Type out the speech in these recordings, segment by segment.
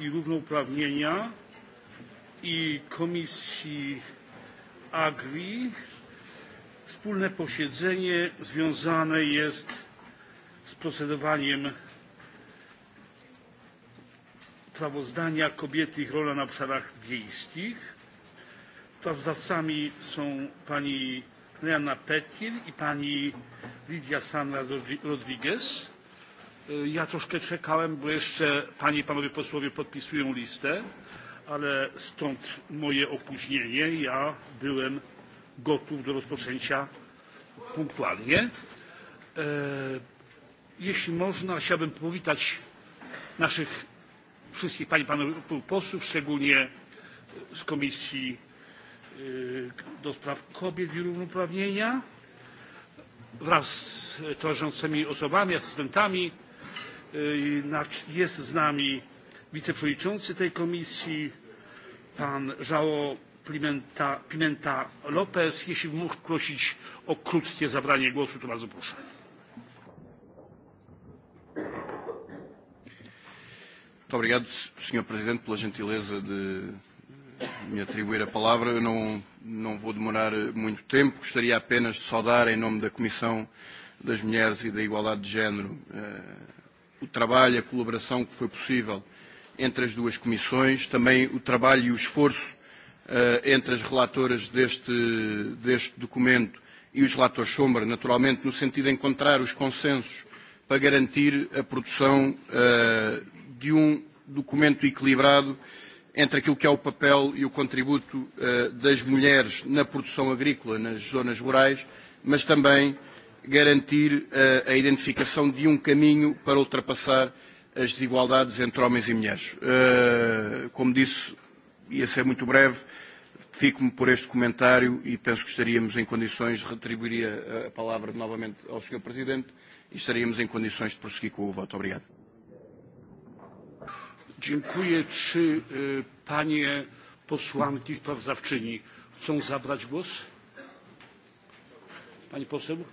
i Równouprawnienia i Komisji Agri. Wspólne posiedzenie związane jest z procedowaniem sprawozdania kobiety i ich rola na obszarach wiejskich. Sprawozdawcami są pani Leana Petir i pani Lidia Sandra Rodriguez. Ja troszkę czekałem, bo jeszcze panie i panowie posłowie podpisują listę, ale stąd moje opóźnienie. Ja byłem gotów do rozpoczęcia punktualnie. E, jeśli można, chciałbym powitać naszych wszystkich pani i panów posłów, szczególnie z Komisji e, do spraw kobiet i równouprawnienia wraz z towarzyszącymi osobami, asystentami E, jest z nami wiceprzewodniczący tej komisji, pan João Pimenta, Pimenta Lopez. Jeśli mógł prosić o krótkie zabranie głosu, to bardzo proszę. Muito obrigado, Sr. Presidente, pela gentileza de me atribuir a palavra. Eu não, não vou demorar muito tempo. Gostaria apenas de saudar, em nome da Comissão das Mulheres e da Igualdade de Género, eh, o trabalho, a colaboração que foi possível entre as duas comissões, também o trabalho e o esforço uh, entre as relatoras deste, deste documento e os relatores sombra, naturalmente, no sentido de encontrar os consensos para garantir a produção uh, de um documento equilibrado entre aquilo que é o papel e o contributo uh, das mulheres na produção agrícola nas zonas rurais, mas também garantir eh, a identificação de um caminho para ultrapassar as desigualdades entre homens e mulheres. Eh, como disse, ia ser muito breve, fico-me por este comentário e penso que estaríamos em condições de retribuir eh, a palavra novamente ao Sr. Presidente e estaríamos em condições de prosseguir com o voto. Obrigado. Dziękuję. Czy y, e, panie posłanki sprawozdawczyni chcą zabrać głos? Pani poseł?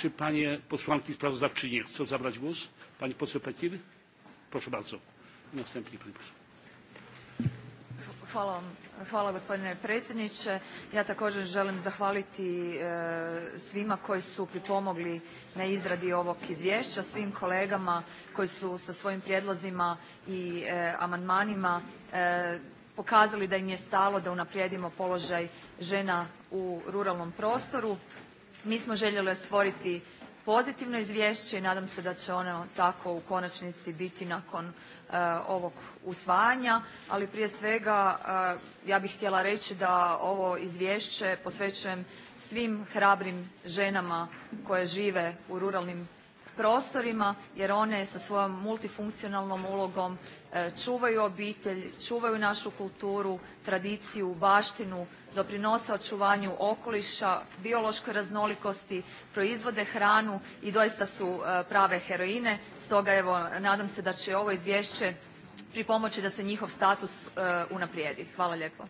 Czy panie posłanki sprawozdawczynie chcą zabrać głos? Pani poseł Petir? Proszę bardzo. Następnie pani poseł. Hvala vam. Hvala gospodine predsjedniče. Ja također želim zahvaliti e, svima koji su pripomogli na izradi ovog izvješća, svim kolegama koji su sa svojim prijedlozima i e, amandmanima e, pokazali da im je stalo da unaprijedimo položaj žena u ruralnom prostoru. Mi smo željeli stvoriti pozitivno izvješće i nadam se da će ono tako u konačnici biti nakon uh, ovog usvajanja, ali prije svega uh, ja bih htjela reći da ovo izvješće posvećujem svim hrabrim ženama koje žive u ruralnim prostorima jer one sa svojom multifunkcionalnom ulogom uh, čuvaju obitelj, čuvaju našu kulturu, tradiciju, baštinu, doprinose očuvanju okoliša, biološkoj raznolikosti, proizvode hranu i doista su e, prave heroine. Stoga evo, nadam se da će ovo izvješće pripomoći da se njihov status e, unaprijedi. Hvala lijepo.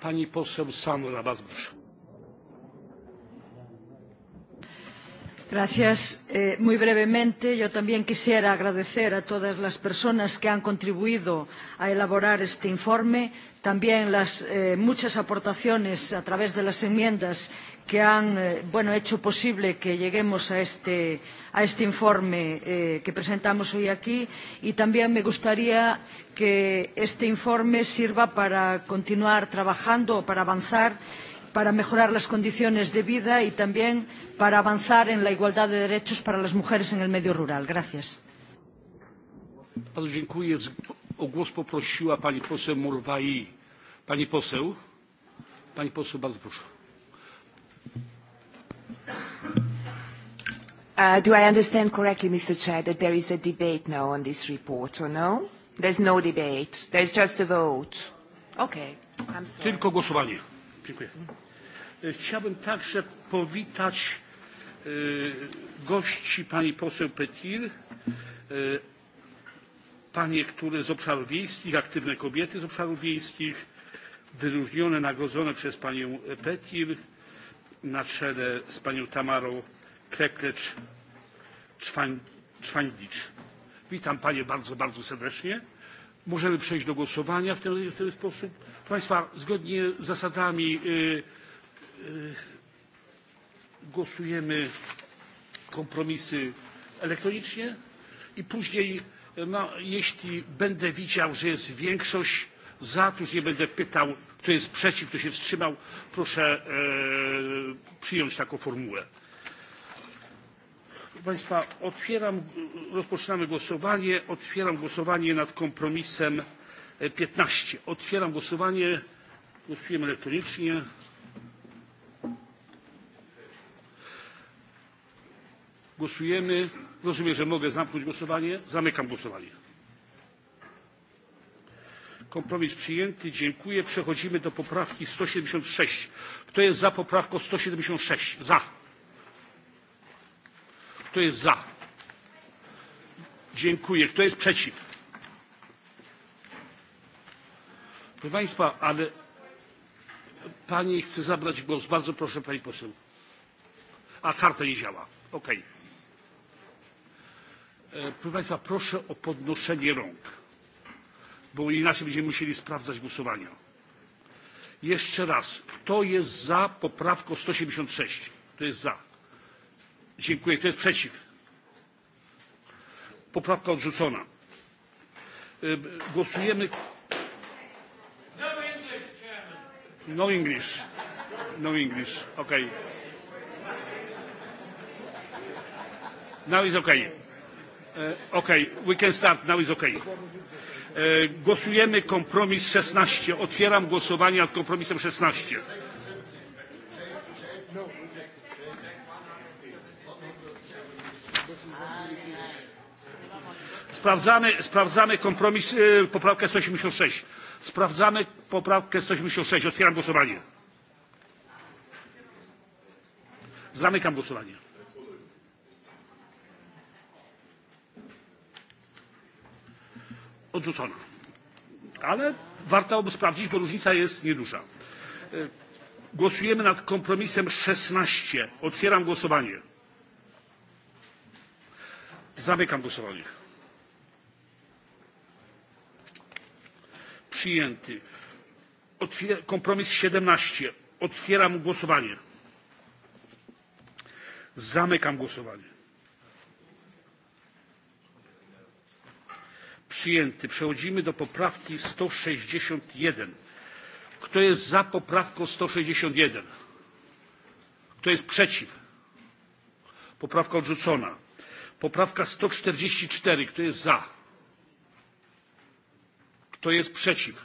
Pani poseł Sanu na proszę. Gracias. Eh, muy brevemente, yo también quisiera agradecer a todas las personas que han contribuido a elaborar este informe, también las eh, muchas aportaciones a través de las enmiendas que han eh, bueno, hecho posible que lleguemos a este, a este informe eh, que presentamos hoy aquí y también me gustaría que este informe sirva para continuar trabajando o para avanzar para mejorar las condiciones de vida y también para avanzar en la igualdad de derechos para las mujeres en el medio rural. Gracias. Bardzo dziękuję. O głos poprosiła pani poseł Morwai. Pani poseł? Pani poseł, bardzo proszę. Uh, do I understand correctly, Mr. Chair, that there is a debate now on this report, or no? There's no debate. There's just a vote. Okay. I'm sorry. Tylko głosowanie. Dziękuję. E, chciałbym także powitać e, gości pani poseł Petir, e, panie, które z obszarów wiejskich, aktywne kobiety z obszarów wiejskich, wyróżnione, nagrodzone przez panią Petir na czele z panią Tamarą Kreklecz Czwańdicz. Witam panie bardzo, bardzo serdecznie. Możemy przejść do głosowania w ten, w ten sposób. Proszę państwa, zgodnie z zasadami głosujemy kompromisy elektronicznie i później, no, jeśli będę widział, że jest większość za, to już nie będę pytał, kto jest przeciw, kto się wstrzymał, proszę e, przyjąć taką formułę. Proszę Państwa, otwieram, rozpoczynamy głosowanie. Otwieram głosowanie nad kompromisem 15. E, otwieram głosowanie. Głosujemy elektronicznie. Głosujemy. Rozumiem, że mogę zamknąć głosowanie. Zamykam głosowanie. Kompromis przyjęty. Dziękuję. Przechodzimy do poprawki 176. Kto jest za poprawką 176? Za. Kto jest za? Dziękuję. Kto jest przeciw? Proszę Państwa, ale Pani chce zabrać głos. Bardzo proszę Pani poseł. A karta nie działa. Okej. Okay. E, proszę Państwa, proszę o podnoszenie rąk, bo inaczej będziemy musieli sprawdzać głosowania. Jeszcze raz, kto jest za poprawką 176? Kto jest za? Dziękuję. Kto jest przeciw? Poprawka odrzucona. E, głosujemy. No English, No English. No English. Okay. Now is okay. E, okay, we can start. Now is okay. E, głosujemy kompromis 16. Otwieram głosowanie nad kompromisem 16. Sprawdzamy, sprawdzamy kompromis, e, poprawkę 186. Sprawdzamy poprawkę 186. Otwieram głosowanie. Zamykam głosowanie. odrzucona. Ale warto by sprawdzić, bo różnica jest nieduża. E, głosujemy nad kompromisem 16. Otwieram głosowanie. Zamykam głosowanie. Przyjęty. Otwier kompromis 17. Otwieram głosowanie. Zamykam głosowanie. Przyjęty. Przechodzimy do poprawki 161. Kto jest za poprawką 161? Kto jest przeciw? Poprawka odrzucona. Poprawka 144. Kto jest za? Kto jest przeciw?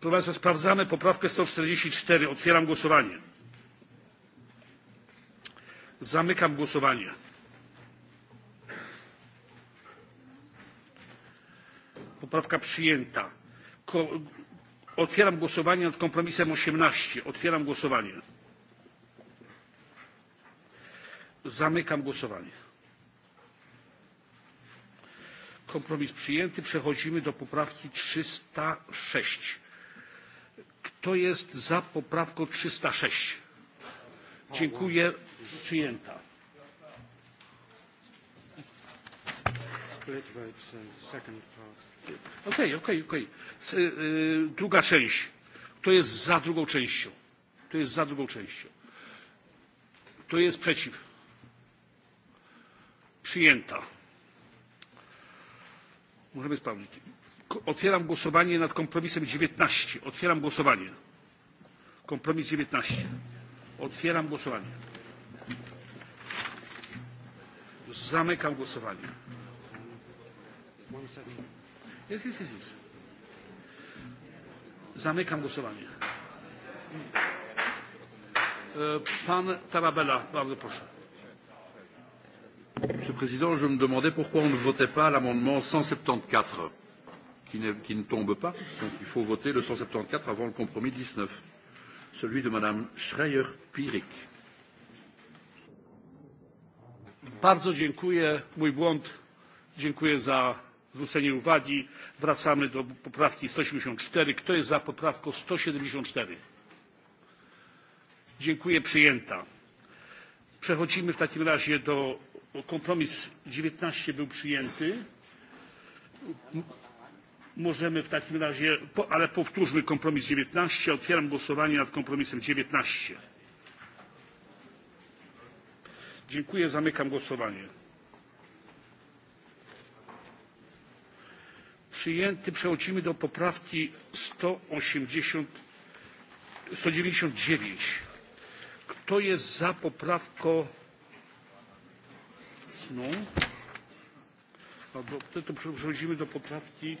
Proszę Państwa, sprawdzamy poprawkę 144. Otwieram głosowanie. Zamykam głosowanie. Poprawka przyjęta. Ko otwieram głosowanie nad kompromisem 18. Otwieram głosowanie. Zamykam głosowanie. Kompromis przyjęty. Przechodzimy do poprawki 306. Kto jest za poprawką 306? Dziękuję. Przyjęta. Split vote, second part. Okej, okay, okej, okay, okej. Okay. E, druga część. Kto jest za drugą częścią? Kto jest za drugą częścią? Kto jest przeciw? Przyjęta. Możemy sprawdzić. Otwieram głosowanie nad kompromisem 19. Otwieram głosowanie. Kompromis 19. Otwieram głosowanie. Zamykam głosowanie. One second. Yes, yes, yes, yes. Zamykam głosowanie. E, pan Tarabella, bardzo proszę. Monsieur le Président, je me demandais pourquoi on ne votait pas l'amendement 174, qui ne, qui ne tombe pas. Donc il faut voter le 174 avant le compromis 19, celui de Madame Schreier-Pirik. Bardzo dziękuję. Mój błąd. Dziękuję za zwrócenie uwagi. Wracamy do poprawki 184. Kto jest za poprawką 174? Dziękuję, przyjęta. Przechodzimy w takim razie do kompromis 19 był przyjęty. Możemy w takim razie, ale powtórzmy kompromis 19. Otwieram głosowanie nad kompromisem 19. Dziękuję, zamykam głosowanie. przyjęty. Przechodzimy do poprawki 180, 199. Kto jest za poprawką? No. Albo, to, to przechodzimy do poprawki.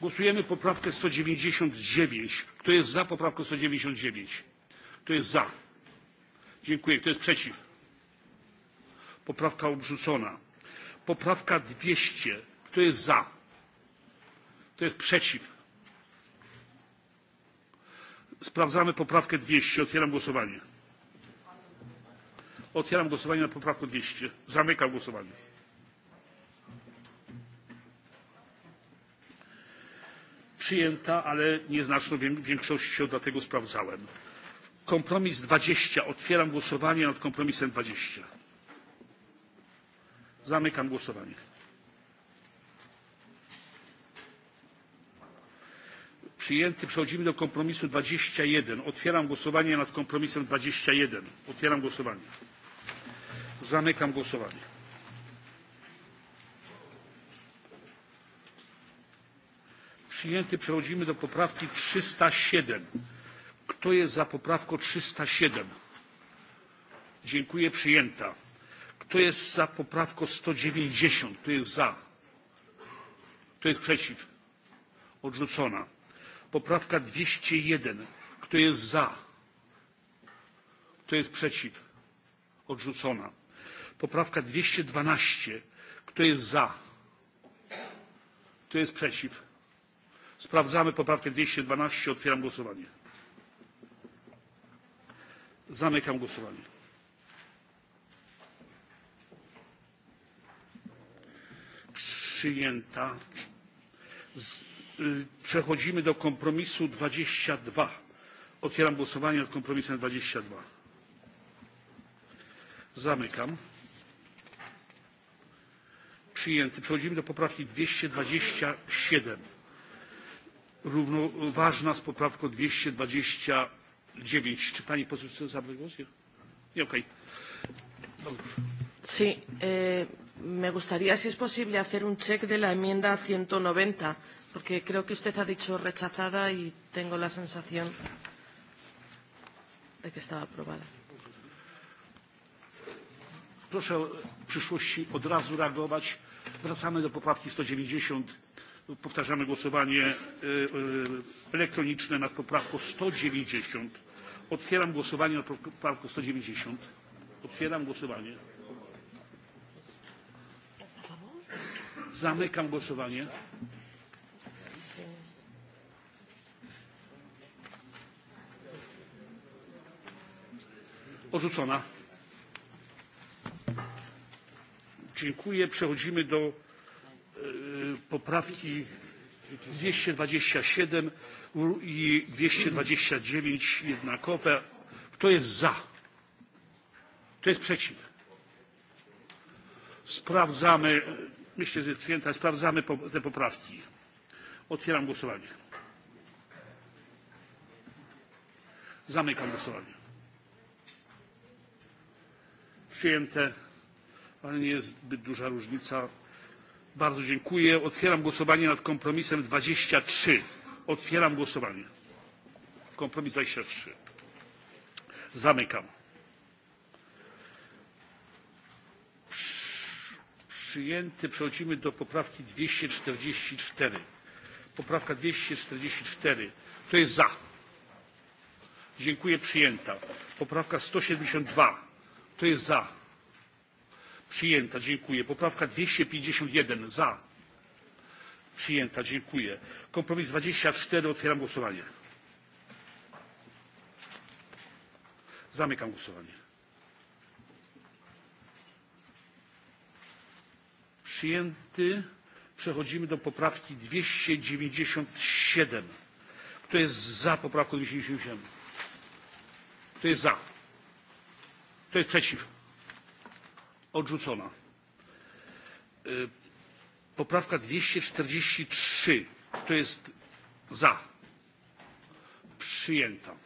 Głosujemy poprawkę 199. Kto jest za poprawką 199? Kto jest za? Dziękuję. Kto jest przeciw? Poprawka odrzucona. Poprawka 200. Kto jest za? Kto jest przeciw? Sprawdzamy poprawkę 200. Otwieram głosowanie. Otwieram głosowanie na poprawkę 200. Zamykam głosowanie. Przyjęta, ale nieznaczną większością, dlatego sprawdzałem. Kompromis 20. Otwieram głosowanie nad kompromisem 20. Zamykam głosowanie. Przyjęty. Przechodzimy do kompromisu 21. Otwieram głosowanie nad kompromisem 21. Otwieram głosowanie. Zamykam głosowanie. Przyjęty. Przechodzimy do poprawki 307. Kto jest za poprawką 307? Dziękuję, przyjęta. Kto jest za poprawką 190? Kto jest za? Kto jest przeciw? Odrzucona. Poprawka 201. Kto jest za? Kto jest przeciw? Odrzucona. Poprawka 212. Kto jest za? Kto jest przeciw? Sprawdzamy poprawkę 212. Otwieram głosowanie. Zamykam głosowanie. Przyjęta. Z, y, przechodzimy do kompromisu 22. Otwieram głosowanie nad kompromisem 22. Zamykam. Przyjęty. Przechodzimy do poprawki 227. Równoważna z poprawką 220 dziewięć. Czy pani poseł chce zabrać głos? Nie, okej. Okay. Sí, eh, me gustaría, si es posible, hacer un check de la enmienda 190, porque creo que usted ha dicho rechazada y tengo la sensación de que estaba aprobada. Proszę w przyszłości od razu reagować. Wracamy do poprawki 190 powtarzamy głosowanie e, e, elektroniczne nad poprawką 190. otwieram głosowanie nad poprawką 190. otwieram głosowanie zamykam głosowanie odrzucona dziękuję przechodzimy do E, poprawki 227 dwadzieścia i 229 dwadzieścia dziewięć jednakowe. Kto jest za? Kto jest przeciw? Sprawdzamy, myślę, że przyjęta, sprawdzamy te poprawki. Otwieram głosowanie. Zamykam głosowanie. Przyjęte, ale nie jest zbyt duża różnica. Bardzo dziękuję. Otwieram głosowanie nad kompromisem 23. Otwieram głosowanie. Kompromis 23. Zamykam. Przyjęty. Przechodzimy do poprawki 244. Poprawka 244. Kto jest za? Dziękuję. Przyjęta. Poprawka 172. Kto jest za? Przyjęta, dziękuję. Poprawka 251 za. Przyjęta, dziękuję. Kompromis 24, otwieram głosowanie. Zamykam głosowanie. Przyjęty. Przechodzimy do poprawki 297. Kto jest za poprawką 297? Kto jest za? Kto jest przeciw? Odrzucona. Poprawka 243. Kto jest za? Przyjęta.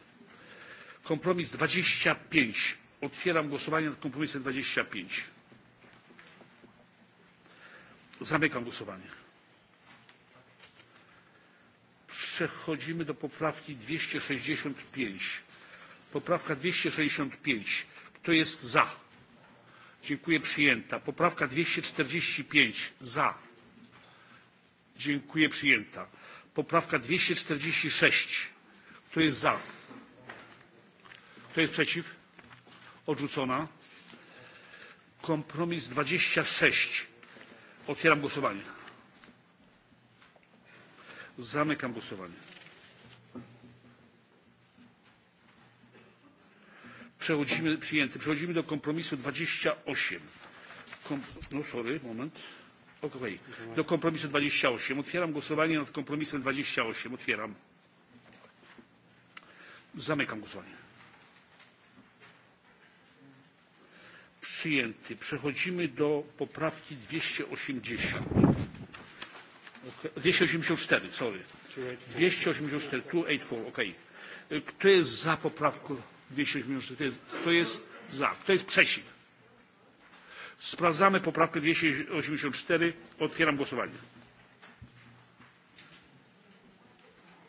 Kompromis 25. Otwieram głosowanie nad kompromisem 25. Zamykam głosowanie. Przechodzimy do poprawki 265. Poprawka 265. Kto jest za? Dziękuję. Przyjęta. Poprawka 245. Za. Dziękuję. Przyjęta. Poprawka 246. Kto jest za? Kto jest przeciw? Odrzucona. Kompromis 26. Otwieram głosowanie. Zamykam głosowanie. Przechodzimy, przyjęty. Przechodzimy do kompromisu 28. Kom, no sorry, moment. Okay. Do kompromisu 28. Otwieram głosowanie nad kompromisem 28. Otwieram. Zamykam głosowanie. Przyjęty. Przechodzimy do poprawki 280. osiemdziesiąt. 284, sorry. 284, 284, ok. Kto jest za poprawką? 200 270. to jest, to jest za? to jest przeciw? Sprawdzamy poprawkę 284. Otwieram głosowanie.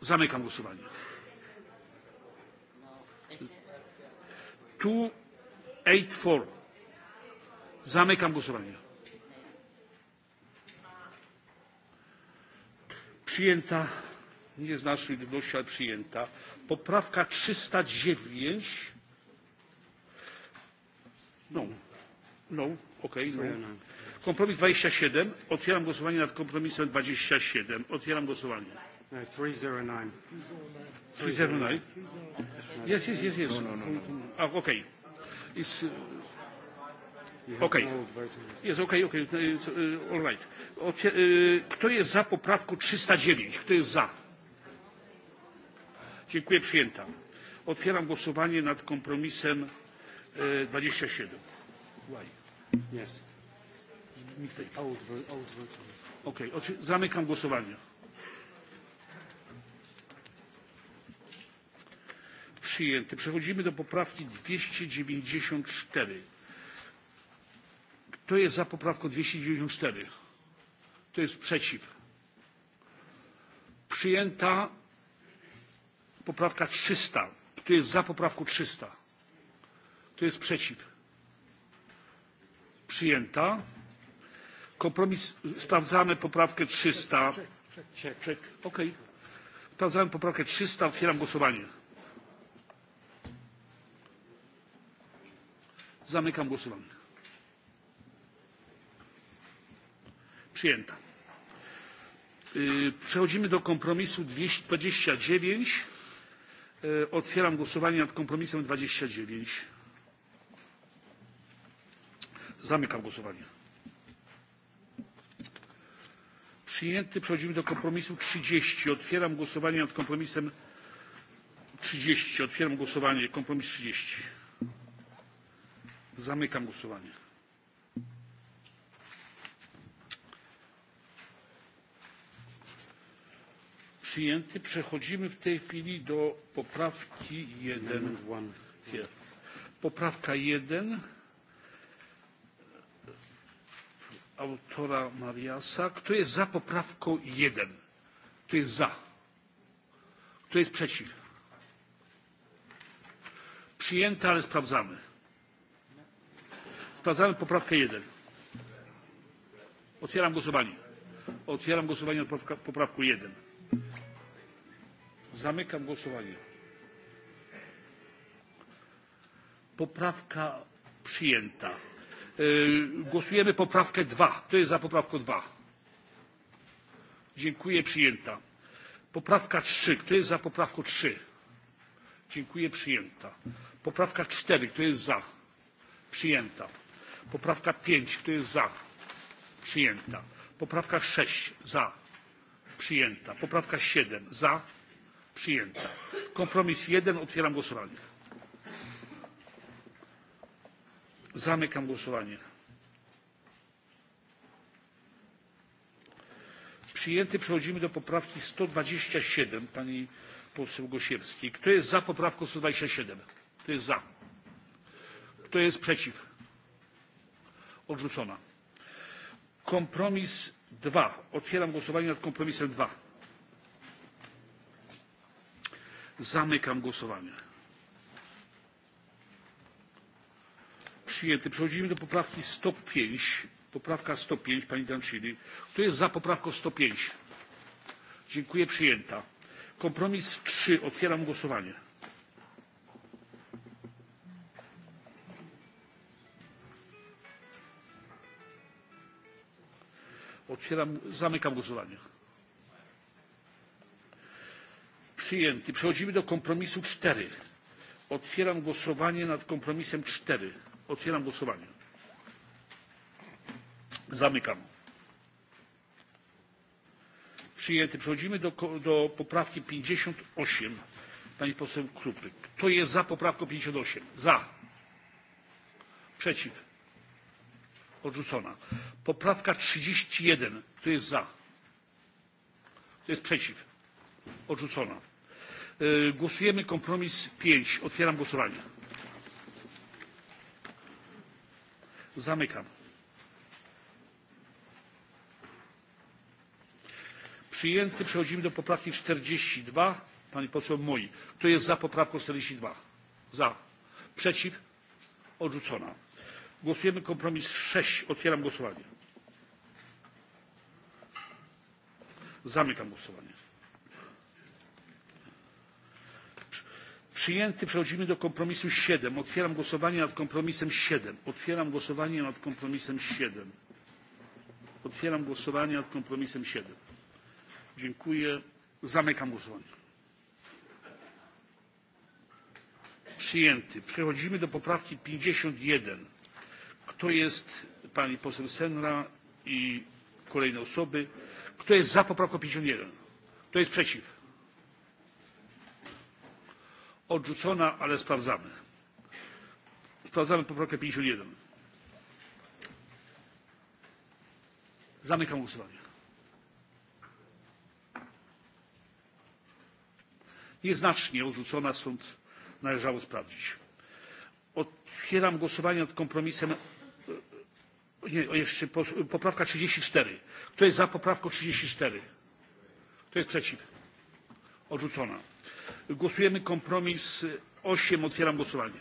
Zamykam głosowanie. Tu 8-4. Zamykam głosowanie. Przyjęta nie z naszej ludności, ale przyjęta. Poprawka 309. No, no, okej, okay, no. Kompromis 27. Otwieram głosowanie nad kompromisem 27. Otwieram głosowanie. No, 309. 309. Yes, yes, yes, yes. No, no, no. Jest okej, okej, all right. Kto jest za poprawką 309? Kto jest za? Dziękuję, przyjęta. Otwieram głosowanie nad kompromisem 27. E, yes. Okay. Zamykam głosowanie. Przyjęty. Przechodzimy do poprawki 294. Kto jest za poprawką 294? Kto jest przeciw? Przyjęta Poprawka 300. Kto jest za poprawką 300? Kto jest przeciw? Przyjęta. Kompromis. Sprawdzamy poprawkę 300. OK. Sprawdzamy poprawkę 300. Otwieram głosowanie. Zamykam głosowanie. Przyjęta. Przechodzimy do kompromisu 229. E, otwieram głosowanie nad kompromisem 29. Zamykam głosowanie. Przyjęty. Przechodzimy do kompromisu 30. Otwieram głosowanie nad kompromisem 30. Otwieram głosowanie. Kompromis 30. Zamykam głosowanie. przyjęty. Przechodzimy w tej chwili do poprawki 1. Poprawka 1 autora Mariasa. Kto jest za poprawką 1? Kto jest za? Kto jest przeciw? Przyjęta, ale sprawdzamy. Sprawdzamy poprawkę 1. Otwieram głosowanie. Otwieram głosowanie na poprawku 1. Zamykam głosowanie. Poprawka przyjęta. Yy, głosujemy poprawkę 2. Kto jest za poprawką 2? Dziękuję, przyjęta. Poprawka 3. Kto jest za poprawką 3? Dziękuję, przyjęta. Poprawka 4. Kto jest za? Przyjęta. Poprawka 5. Kto jest za? Przyjęta. Poprawka 6. Za Przyjęta. Poprawka 7. Za. Przyjęta. Kompromis 1. Otwieram głosowanie. Zamykam głosowanie. Przyjęty. Przechodzimy do poprawki 127 pani poseł Gosiewskiej. Kto jest za poprawką 127? Kto jest za? Kto jest przeciw? Odrzucona. Kompromis Dwa. Otwieram głosowanie nad kompromisem dwa. Zamykam głosowanie. Przyjęty. Przechodzimy do poprawki 105. Poprawka 105 pani Dancini. Kto jest za poprawką 105? Dziękuję. Przyjęta. Kompromis 3. Otwieram głosowanie. Otwieram, zamykam głosowanie. Przyjęty. Przechodzimy do kompromisu 4. Otwieram głosowanie nad kompromisem 4. Otwieram głosowanie. Zamykam. Przyjęty. Przechodzimy do, do poprawki 58. Pani poseł Krupy. Kto jest za poprawką 58? Za. Przeciw. Odrzucona. Poprawka 31. Kto jest za? Kto jest przeciw? Odrzucona. Yy, e, głosujemy kompromis 5. Otwieram głosowanie. Zamykam. Przyjęty. Przechodzimy do poprawki 42. Pani poseł Moi. Kto jest za poprawką 42? Za. Przeciw? Odrzucona Głosujemy kompromis 6. Otwieram głosowanie. Zamykam głosowanie. Przyjęty. Przechodzimy do kompromisu 7. Otwieram głosowanie nad kompromisem 7. Otwieram głosowanie nad kompromisem 7. Otwieram głosowanie nad kompromisem 7. Dziękuję. Zamykam głosowanie. Przyjęty. Przechodzimy do poprawki 51. Kto jest, pani poseł Senra i kolejne osoby, kto jest za poprawką 51? Kto jest przeciw? Odrzucona, ale sprawdzamy. Sprawdzamy poprawkę 51. Zamykam głosowanie. Nieznacznie odrzucona, stąd należało sprawdzić. Otwieram głosowanie nad kompromisem nie, jeszcze poprawka 34. Kto jest za poprawką 34? Kto jest przeciw? Odrzucona. Głosujemy kompromis 8. Otwieram głosowanie.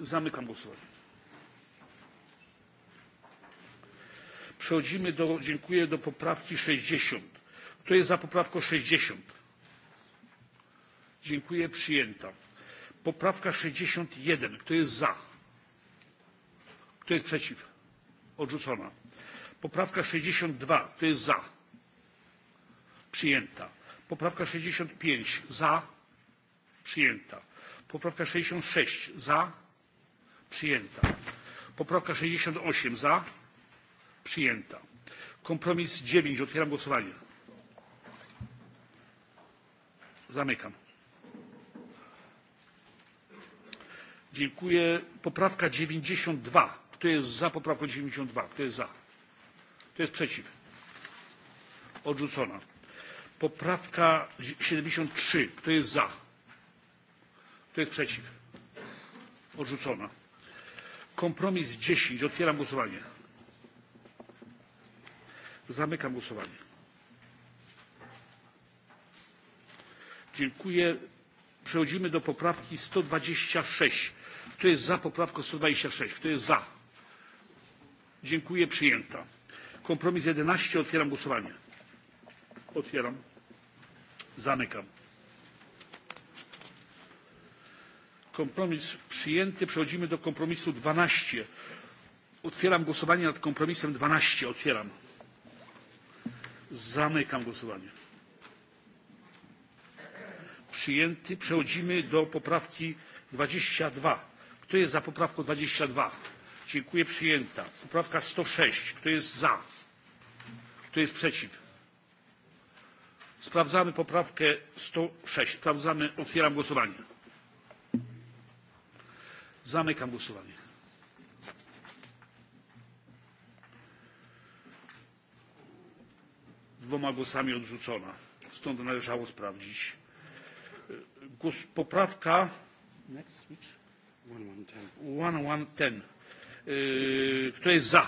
Zamykam głosowanie. Przechodzimy do, dziękuję, do poprawki 60. Kto jest za poprawką 60? Dziękuję, przyjęta. Poprawka 61. Kto jest za? Kto jest przeciw? Odrzucona. Poprawka 62. Kto jest za? Przyjęta. Poprawka 65. Za? Przyjęta. Poprawka 66. Za? Przyjęta. Poprawka 68. Za? Przyjęta. Kompromis 9. Otwieram głosowanie. Zamykam. Dziękuję. Poprawka 92. Kto jest za poprawką 92? Kto jest za? Kto jest przeciw? Odrzucona. Poprawka 73. Kto jest za? Kto jest przeciw? Odrzucona. Kompromis 10. Otwieram głosowanie. Zamykam głosowanie. Dziękuję. Przechodzimy do poprawki 126. Kto jest za poprawką 126? Kto jest za? Dziękuję. Przyjęta. Kompromis 11. Otwieram głosowanie. Otwieram. Zamykam. Kompromis przyjęty. Przechodzimy do kompromisu 12. Otwieram głosowanie nad kompromisem 12. Otwieram. Zamykam głosowanie. Przyjęty. Przechodzimy do poprawki 22. Kto jest za poprawką 22? Dziękuję. Przyjęta. Poprawka 106. Kto jest za? Kto jest przeciw? Sprawdzamy poprawkę 106. Sprawdzamy. Otwieram głosowanie. Zamykam głosowanie. Dwoma głosami odrzucona. Stąd należało sprawdzić. Głos, poprawka 1110. Kto jest za?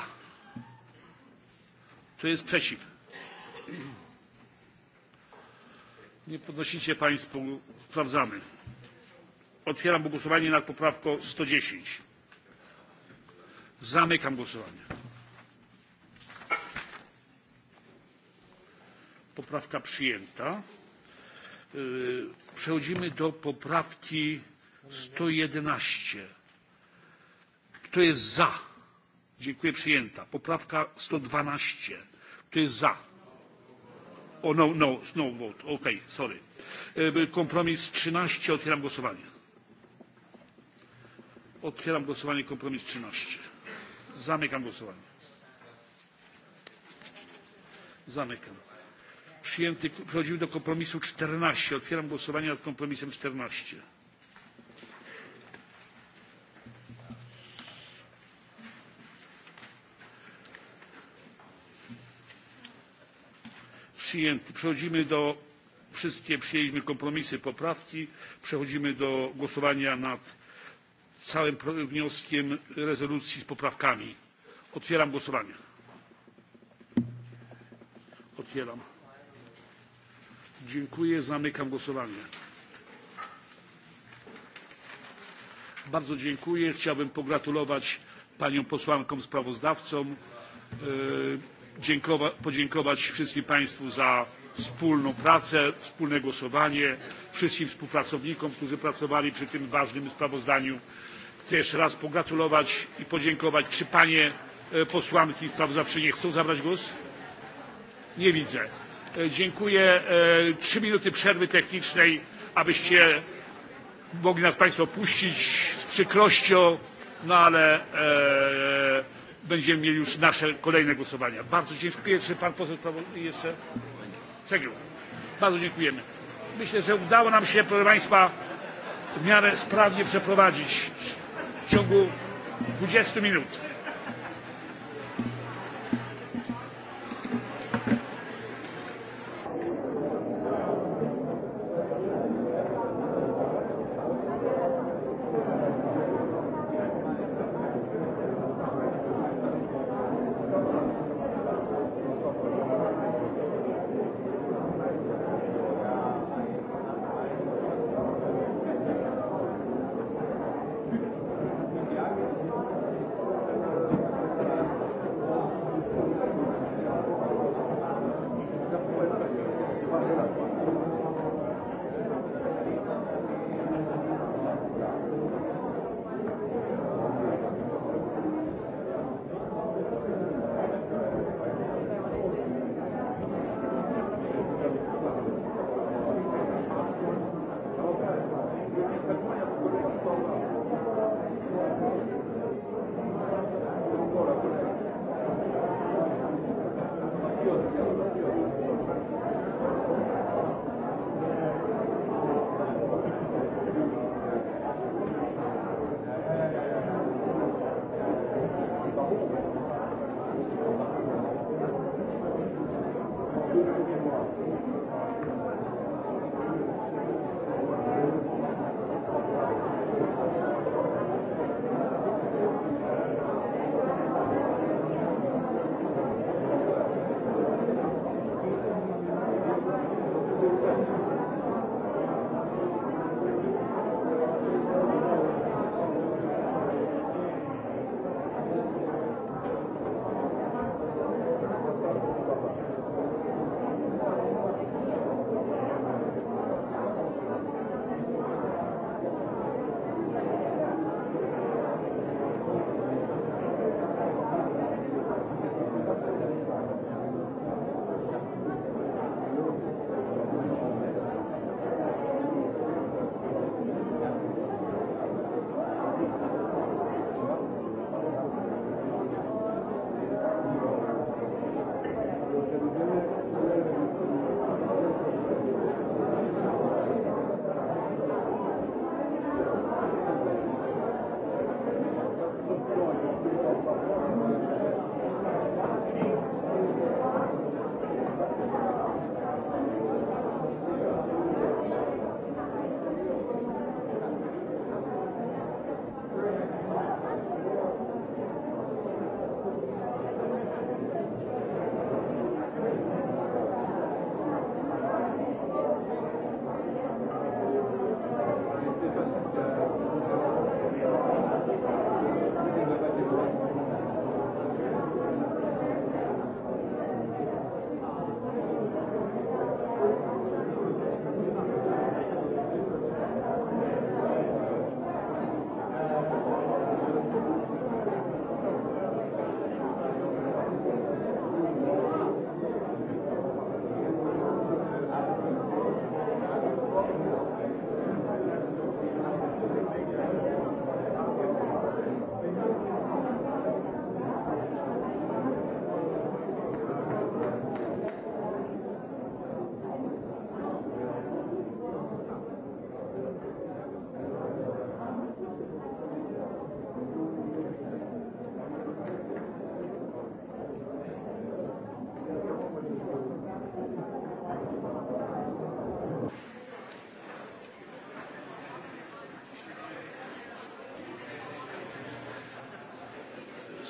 Kto jest przeciw? Nie podnosicie Państwo. Sprawdzamy. Otwieram głosowanie nad poprawką 110. Zamykam głosowanie. Poprawka przyjęta. Przechodzimy do poprawki 111. Kto jest za? Dziękuję, przyjęta. Poprawka 112. Kto jest za? Oh, no, no, no vote. OK, sorry. E, kompromis 13. Otwieram głosowanie. Otwieram głosowanie kompromis 13. Zamykam głosowanie. Zamykam. Przyjęty, przechodzimy do kompromisu 14. Otwieram głosowanie nad kompromisem 14. przyjęty. Przechodzimy do wszystkie przyjęliśmy kompromisy, poprawki. Przechodzimy do głosowania nad całym wnioskiem rezolucji z poprawkami. Otwieram głosowanie. Otwieram. Dziękuję. Zamykam głosowanie. Bardzo dziękuję. Chciałbym pogratulować paniom posłankom sprawozdawcom. E, podziękować wszystkim Państwu za wspólną pracę, wspólne głosowanie, wszystkim współpracownikom, którzy pracowali przy tym ważnym sprawozdaniu. Chcę jeszcze raz pogratulować i podziękować. Czy Panie e, posłanki sprawozdawczyni sprawozdawczynie chcą zabrać głos? Nie widzę. E, dziękuję. E, trzy minuty przerwy technicznej, abyście mogli nas Państwo puścić z przykrością, no ale będziemy mieli już nasze kolejne głosowania. Bardzo dziękuję. Czy pan poseł jeszcze? Cegiel. Bardzo dziękujemy. Myślę, że udało nam się, proszę Państwa, w miarę sprawnie przeprowadzić w ciągu 20 minut.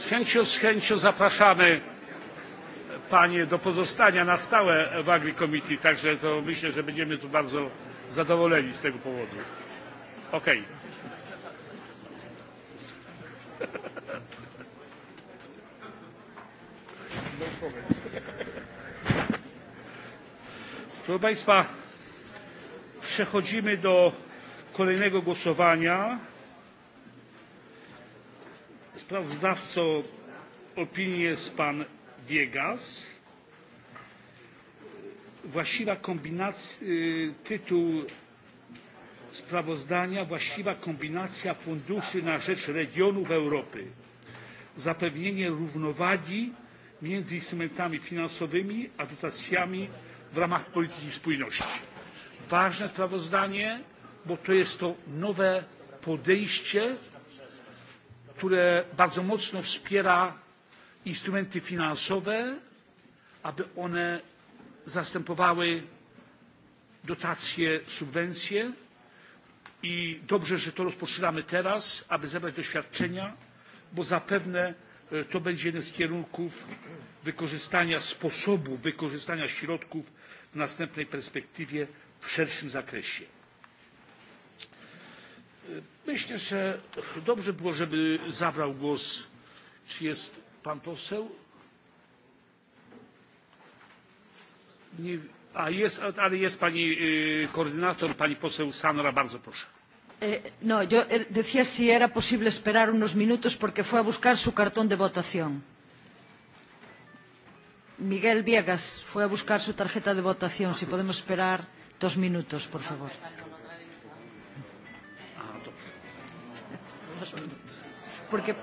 Z chęcią, z chęcią zapraszamy e, Panie do pozostania na stałe w Agri Committee, także to myślę, że będziemy tu bardzo zadowoleni z tego powodu. Ok. Proszę Państwa, przechodzimy do kolejnego głosowania. Sprawozdawcą opinii jest pan Viegas. Właściwa kombinacja, tytuł sprawozdania właściwa kombinacja funduszy na rzecz regionów Europy, zapewnienie równowagi między instrumentami finansowymi a dotacjami w ramach polityki spójności. Ważne sprawozdanie, bo to jest to nowe podejście które bardzo mocno wspiera instrumenty finansowe, aby one zastępowały dotacje, subwencje i dobrze, że to rozpoczynamy teraz, aby zebrać doświadczenia, bo zapewne e, to będzie jeden z kierunków wykorzystania sposobu wykorzystania środków w następnej perspektywie w szerszym zakresie. Myślę, że dobrze było, żeby zabrał głos. Czy jest pan poseł? Nie, a jest, ale jest pani y, koordynator, pani poseł Sanora, bardzo proszę. Eh, no, yo er, decía si era posible esperar unos minutos porque fue a buscar su cartón de votación. Miguel Viegas fue a buscar su tarjeta de votación. Si podemos esperar dos minutos, por favor. No, no, no. Porque,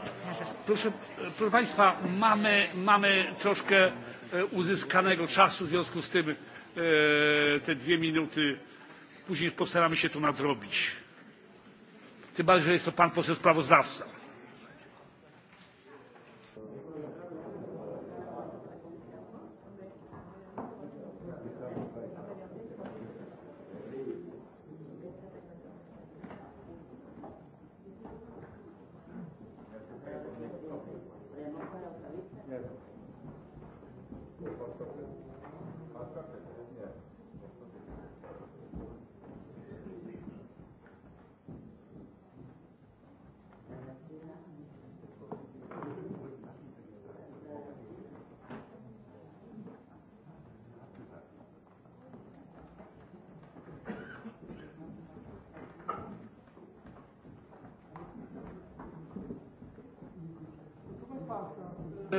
proszę, proszę Państwa, mamy, mamy troszkę e, uzyskanego czasu, w związku z tym e, te dwie minuty, później postaramy się to nadrobić. Tym bardziej, że jest to pan poseł sprawozdawca.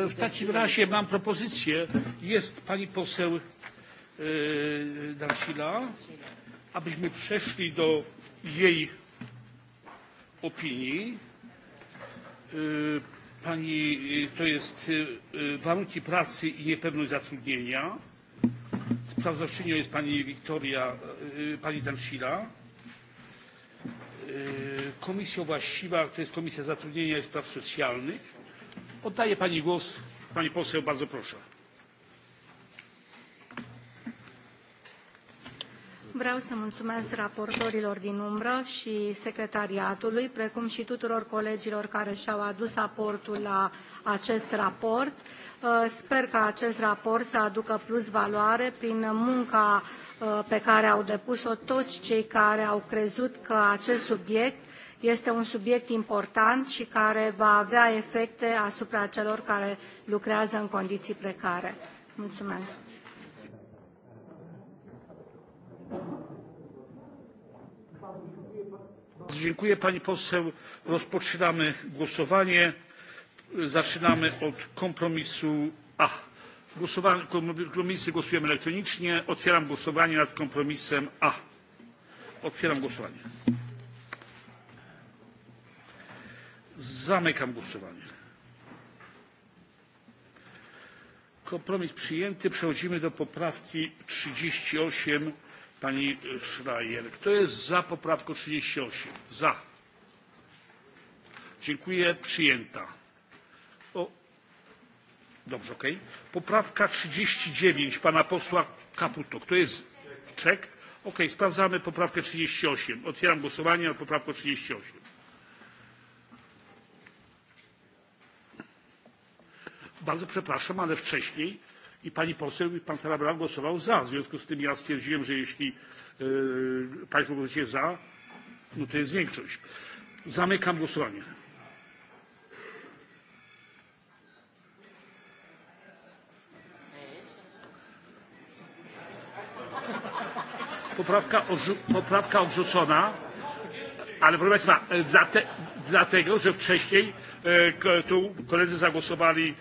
w takim razie mam propozycję. Jest pani poseł e, Darsila, abyśmy przeszli do jej opinii. E, pani, to jest e, warunki pracy i niepewność zatrudnienia. Sprawozdawczynią jest pani Wiktoria, pani Dansila. Komisja właściwa to jest Komisja Zatrudnienia i Spraw Socjalnych Oddaję Pani głos. Pani poseł, bardzo proszę. Vreau să mulțumesc raportorilor din umbră și secretariatului, precum și tuturor colegilor care și-au adus aportul la acest raport. Uh, sper ca acest raport să aducă plus valoare prin munca uh, pe care au depus-o toți cei care au crezut că acest subiect este un subiect important și care va avea efecte asupra celor care lucrează în condiții precare. Mulțumesc! Dziękuję pani poseł. Rozpoczynamy głosowanie. Zaczynamy od kompromisu A. Głosowanie, kompromisy głosujemy elektronicznie. Otwieram głosowanie nad kompromisem A. Otwieram głosowanie. Zamykam głosowanie. Kompromis przyjęty. Przechodzimy do poprawki 38 pani Schreier. Kto jest za poprawką 38? Za. Dziękuję. Przyjęta. O. Dobrze, okej. Okay. Poprawka 39 pana posła Kaputo. Kto jest? Czek? Okej, okay, sprawdzamy poprawkę 38. Otwieram głosowanie na poprawkę 38. bardzo przepraszam, ale wcześniej i pani poseł i pan Tarabella głosował za. W związku z tym ja stwierdziłem, że jeśli yy, e, państwo głosujecie za, no to jest większość. Zamykam głosowanie. Poprawka, odrzu poprawka odrzucona. Ale proszę Państwa, e, dlatego, że wcześniej e, tu koledzy zagłosowali,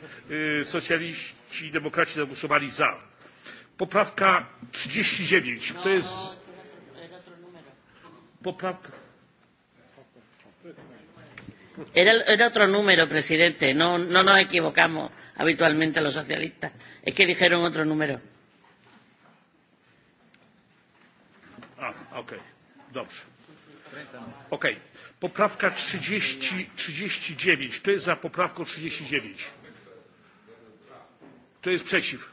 e, socjaliści i demokraci zagłosowali za. Poprawka 39, to jest... Poprawka... Era, era otro número, presidente. No, no nos equivocamos habitualmente los socialistas. Es que dijeron otro número. Ah, ok. Dobrze. Ok Poprawka 30, 39. Kto jest za poprawką 39? Kto jest przeciw?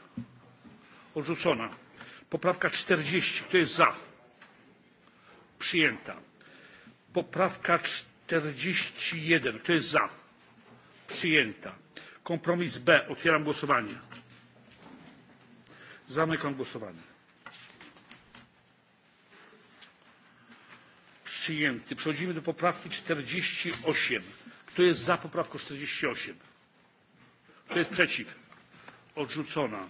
Odrzucona. Poprawka 40. Kto jest za? Przyjęta. Poprawka 41. Kto jest za? Przyjęta. Kompromis B. Otwieram głosowanie. Zamykam głosowanie. przyjęty. Przechodzimy do poprawki 48. Kto jest za poprawką 48? Kto jest przeciw? Odrzucona.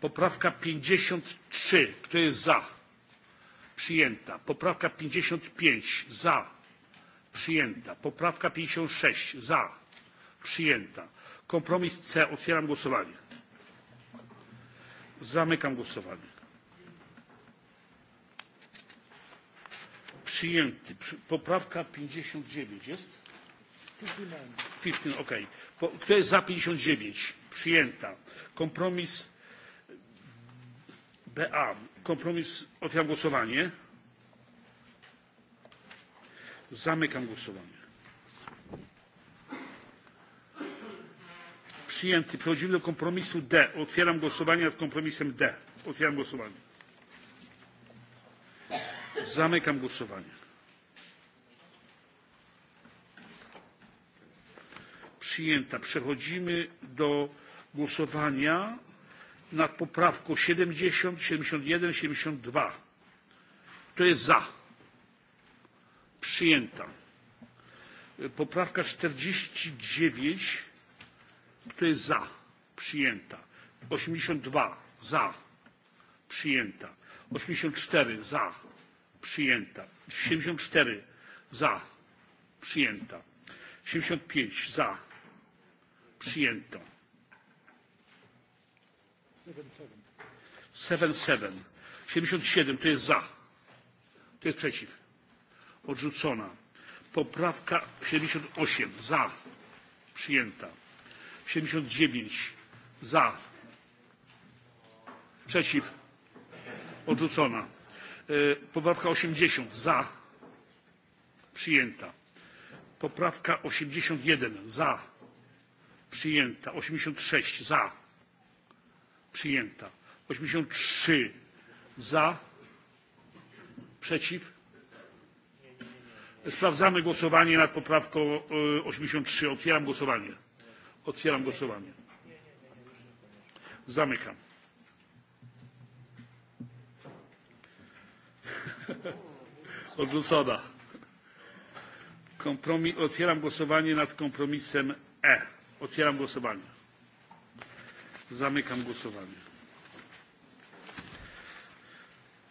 Poprawka 53. Kto jest za? Przyjęta. Poprawka 55. Za. Przyjęta. Poprawka 56. Za. Przyjęta. Kompromis C. Otwieram głosowanie. Zamykam głosowanie. Przyjęty. Poprawka 59 jest? 15, ok. Kto jest za 59? Przyjęta. Kompromis BA. Kompromis, otwieram głosowanie. Zamykam głosowanie. Przyjęty. Przechodzimy do kompromisu D. Otwieram głosowanie nad kompromisem D. Otwieram głosowanie. Zamykam głosowanie. Przyjęta. Przechodzimy do głosowania nad poprawką 70, 71, 72. Kto jest za? Przyjęta. Poprawka 49. Kto jest za? Przyjęta. 82. Za. Przyjęta. 84. Za przyjęta. 74 za, przyjęta. 75 za, przyjęto. 77. 77 to jest za, to jest przeciw. Odrzucona. Poprawka 78 za, przyjęta. 79 za, przeciw, odrzucona. E, poprawka 80 za. Przyjęta. Poprawka 81 za. Przyjęta. 86 za. Przyjęta. 83 za. Przeciw. Sprawdzamy głosowanie nad poprawką 83. E, Otwieram głosowanie. Otwieram głosowanie. Zamykam. Odrzucona. Kompromis, otwieram głosowanie nad kompromisem E. Otwieram głosowanie. Zamykam głosowanie.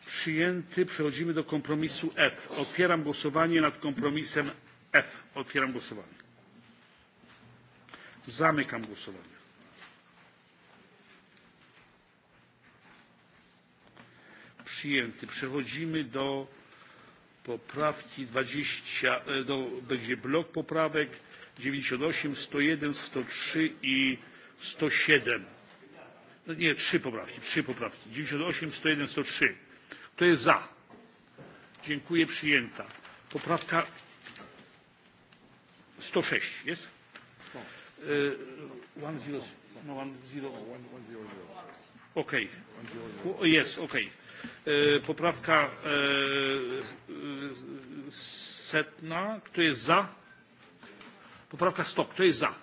Przyjęty. Przechodzimy do kompromisu F. Otwieram głosowanie nad kompromisem F. Otwieram głosowanie. Zamykam głosowanie. przyjęty. Przechodzimy do poprawki 20, e, do, będzie blok poprawek 98, 101, 103 i 107. No nie, trzy poprawki, trzy poprawki. 98, 101, 103. Kto jest za? Dziękuję, przyjęta. Poprawka 106 jest? Yy, e, one zero, no one zero. Okej. Okay. Jest, okej. Okay. E, poprawka e, e, setna. Kto jest za? Poprawka stop. Kto jest za?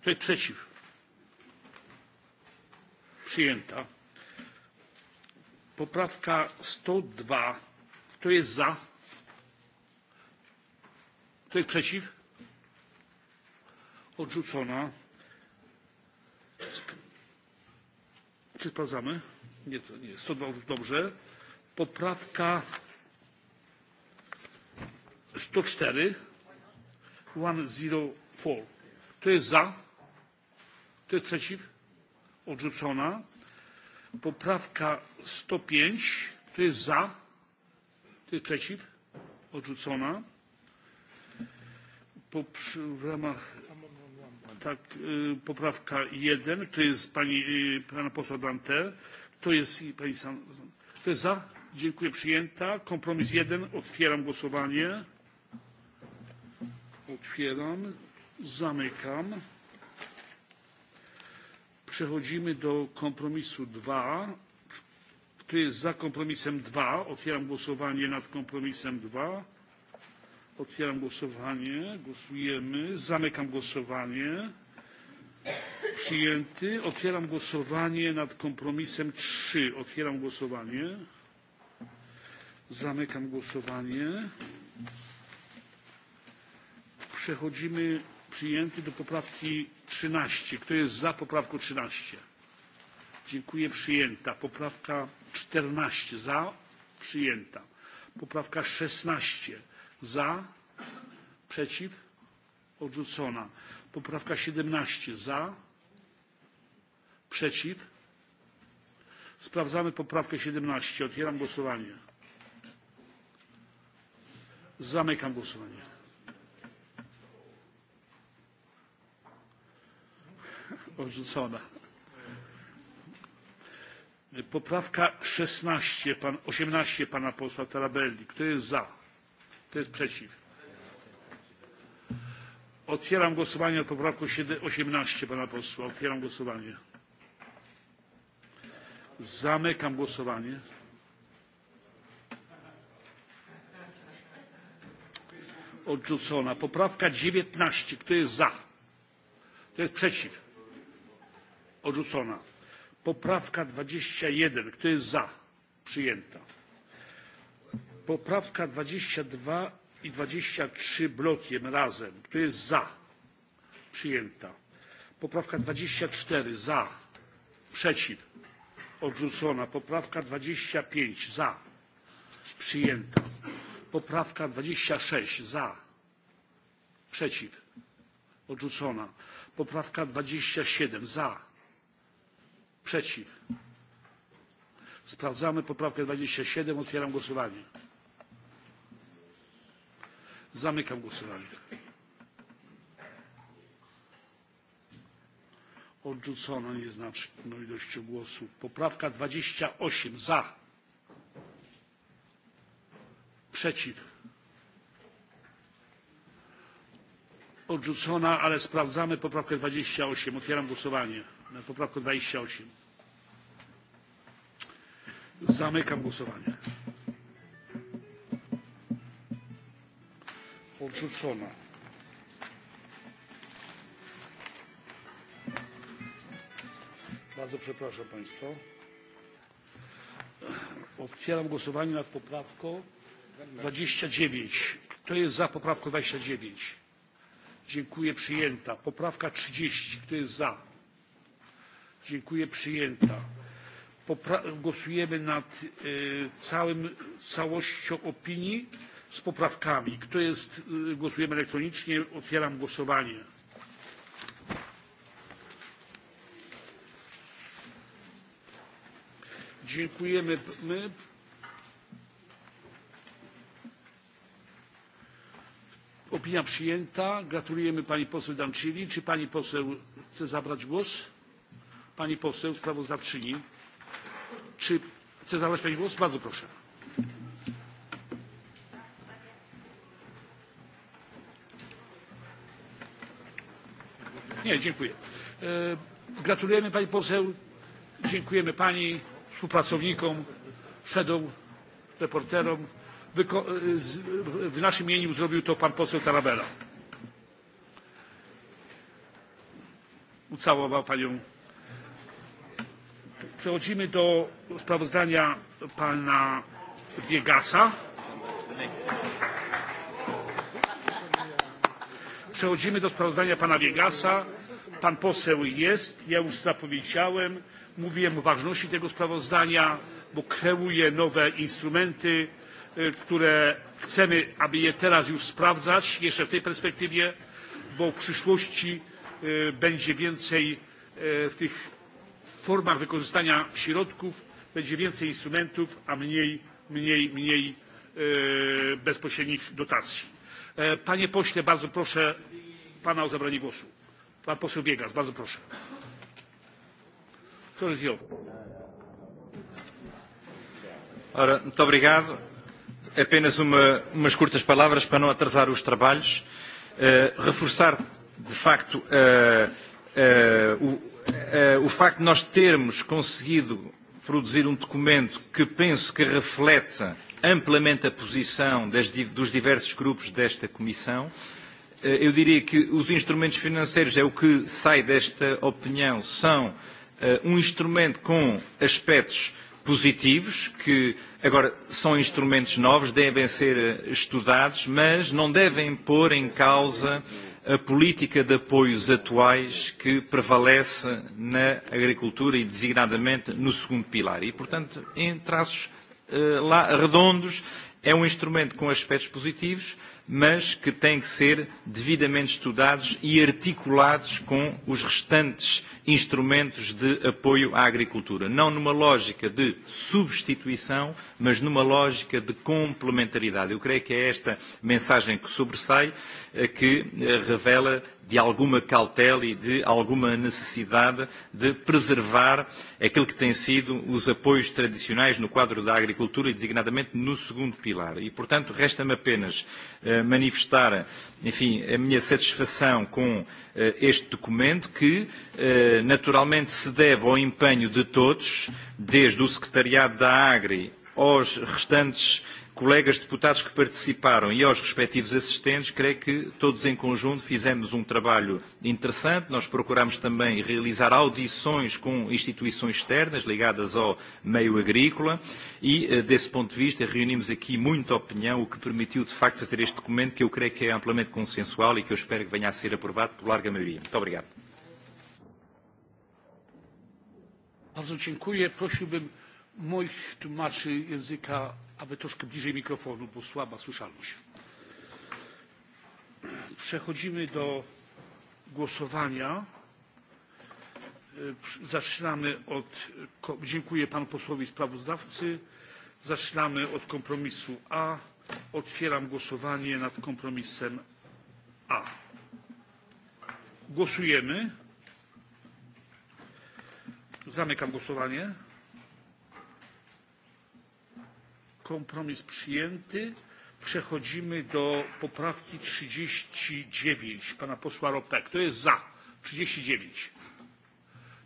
Kto jest przeciw? Przyjęta. Poprawka 102. Kto jest za? Kto jest przeciw? Odrzucona. Czy sprawdzamy? nie, to nie, 102 już dobrze. Poprawka 104, 104. Kto jest za? To jest przeciw? Odrzucona. Poprawka 105, kto jest za? Kto jest przeciw? Odrzucona. Po, w ramach tak, y, poprawka 1, to jest pani, y, pana posła Dante. Kto jest, pani sam. kto jest za? Dziękuję, przyjęta. Kompromis jeden. Otwieram głosowanie. Otwieram. Zamykam. Przechodzimy do kompromisu 2. Kto jest za kompromisem 2? Otwieram głosowanie nad kompromisem 2. Otwieram głosowanie. Głosujemy. Zamykam głosowanie. Przyjęty. Otwieram głosowanie nad kompromisem 3. Otwieram głosowanie. Zamykam głosowanie. Przechodzimy przyjęty do poprawki 13. Kto jest za poprawką 13? Dziękuję. Przyjęta. Poprawka 14. Za. Przyjęta. Poprawka 16. Za. Przeciw. Odrzucona. Poprawka 17 za. Przeciw. Sprawdzamy poprawkę 17. Otwieram głosowanie. Zamykam głosowanie. Odrzucona. Poprawka 16, pan, 18 pana posła Tarabelli. Kto jest za? Kto jest przeciw? Otwieram głosowanie nad poprawką 18 pana posła. Otwieram głosowanie. Zamykam głosowanie. Odrzucona. Poprawka 19. Kto jest za? Kto jest przeciw? Odrzucona. Poprawka 21. Kto jest za? Przyjęta. Poprawka 22 i dwadzieścia trzy blokiem razem. Kto jest za? Przyjęta. Poprawka dwadzieścia cztery za. Przeciw. Odrzucona. Poprawka dwadzieścia pięć za. Przyjęta. Poprawka dwadzieścia sześć za. Przeciw. Odrzucona. Poprawka dwadzieścia siedem za. Przeciw. Sprawdzamy poprawkę dwadzieścia siedem. Otwieram głosowanie. Zamykam głosowanie. Odrzucono nieznaczną ilością głosów. Poprawka 28 za. Przeciw. Odrzucona, ale sprawdzamy poprawkę 28. Otwieram głosowanie na poprawkę 28. Zamykam głosowanie. odrzucona. Bardzo przepraszam Państwa. Otwieram głosowanie nad poprawką 29. Kto jest za poprawką 29? Dziękuję, przyjęta. Poprawka 30. Kto jest za? Dziękuję, przyjęta. Popra głosujemy nad y, całym, całością opinii z poprawkami. Kto jest, głosujemy elektronicznie, otwieram głosowanie. Dziękujemy. My. Opinia przyjęta. Gratulujemy pani poseł Danczyli. Czy pani poseł chce zabrać głos? Pani poseł sprawozdawczyni. Czy chce zabrać pani głos? Bardzo proszę. Nie, dziękuję. E, gratulujemy pani poseł, dziękujemy pani współpracownikom, shadow reporterom. E, w naszym imieniu zrobił to pan poseł Tarabela. Ucałował panią. Przechodzimy do sprawozdania pana Wiegasa. Przechodzimy do sprawozdania pana Biegasa. Pan poseł jest. Ja już zapowiedziałem, mówiłem o ważności tego sprawozdania, bo kreuje nowe instrumenty, które chcemy, aby je teraz już sprawdzać, jeszcze w tej perspektywie, bo w przyszłości będzie więcej w tych formach wykorzystania środków, będzie więcej instrumentów, a mniej, mniej, mniej bezpośrednich dotacji. E, panie pośle, bardzo proszę pana o zabranie głosu. Pan poseł Biegas, bardzo proszę. Co Ora, muito obrigado. Apenas uma, umas curtas palavras para não atrasar os trabalhos. Uh, reforçar, de facto, uh, uh, o, uh, o facto de nós termos conseguido produzir um documento que penso que reflete amplamente a posição das, dos diversos grupos desta Comissão. Uh, Eh, eu diria que os instrumentos financeiros, é o que sai desta opinião, são eh, um instrumento com aspectos positivos, que agora são instrumentos novos, devem ser eh, estudados, mas não devem pôr em causa a política de apoios atuais que prevalece na agricultura e designadamente no segundo pilar. E, portanto, em traços uh, lá redondos, é um instrumento com aspectos positivos, mas que têm que ser devidamente estudados e articulados com os restantes instrumentos de apoio à agricultura. Não numa lógica de substituição, mas numa lógica de complementaridade. Eu creio que é esta mensagem que sobressai, eh, que eh, revela de alguma cautela e de alguma necessidade de preservar aquilo que tem sido os apoios tradicionais no quadro da agricultura e designadamente no segundo pilar. E, portanto, resta-me apenas Eh, manifestar, enfim, a minha satisfação com eh, este documento que eh, naturalmente se deve ao empenho de todos, desde o Secretariado da Agri aos restantes colegas deputados que participaram e aos respectivos assistentes, creio que todos em conjunto fizemos um trabalho interessante. Nós procuramos também realizar audições com instituições externas ligadas ao meio agrícola e, eh, desse ponto de vista, reunimos aqui muita opinião, o que permitiu, de facto, fazer este documento que eu creio que é amplamente consensual e que eu espero que venha a ser aprovado por larga maioria. Muito obrigado. Bardzo dziękuję. Prosiłbym moich tłumaczy języka aby troszkę bliżej mikrofonu, bo słaba słyszalność. Przechodzimy do głosowania. E, zaczynamy od, dziękuję panu posłowi sprawozdawcy. Zaczynamy od kompromisu A. Otwieram głosowanie nad kompromisem A. Głosujemy. Zamykam głosowanie. Kompromis przyjęty. Przechodzimy do poprawki 39 pana posła Ropek. Kto jest za? 39.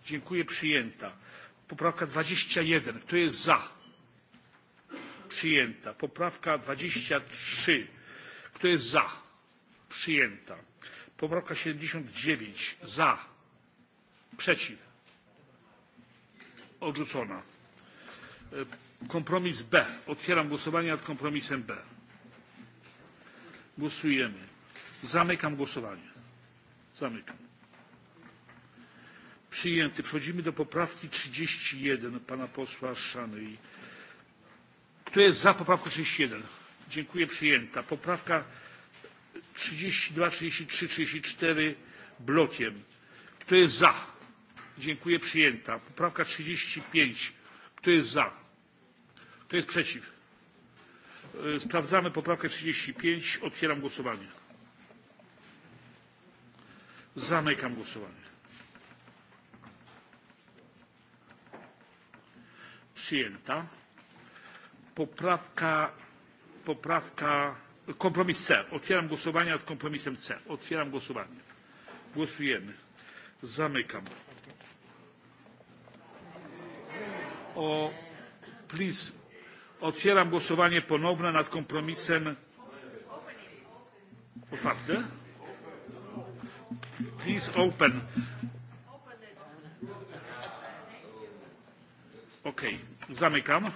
Dziękuję, przyjęta. Poprawka 21. Kto jest za? Przyjęta. Poprawka 23. Kto jest za? Przyjęta. Poprawka 79. Za. Przeciw. Odrzucona Kompromis B. Otwieram głosowanie nad kompromisem B. Głosujemy. Zamykam głosowanie. Zamykam. Przyjęty. Przechodzimy do poprawki 31 pana posła Szany. Kto jest za poprawką 31? Dziękuję. Przyjęta. Poprawka 32, 33, 34 blokiem. Kto jest za? Dziękuję. Przyjęta. Poprawka 35. Kto jest za? Kto jest przeciw? E, sprawdzamy poprawkę 35. Otwieram głosowanie. Zamykam głosowanie. Przyjęta. Poprawka, poprawka, kompromis C. Otwieram głosowanie nad kompromisem C. Otwieram głosowanie. Głosujemy. Zamykam. O, please Otwieram głosowanie ponowne nad kompromisem otwarte. Please open. Ok, zamykam.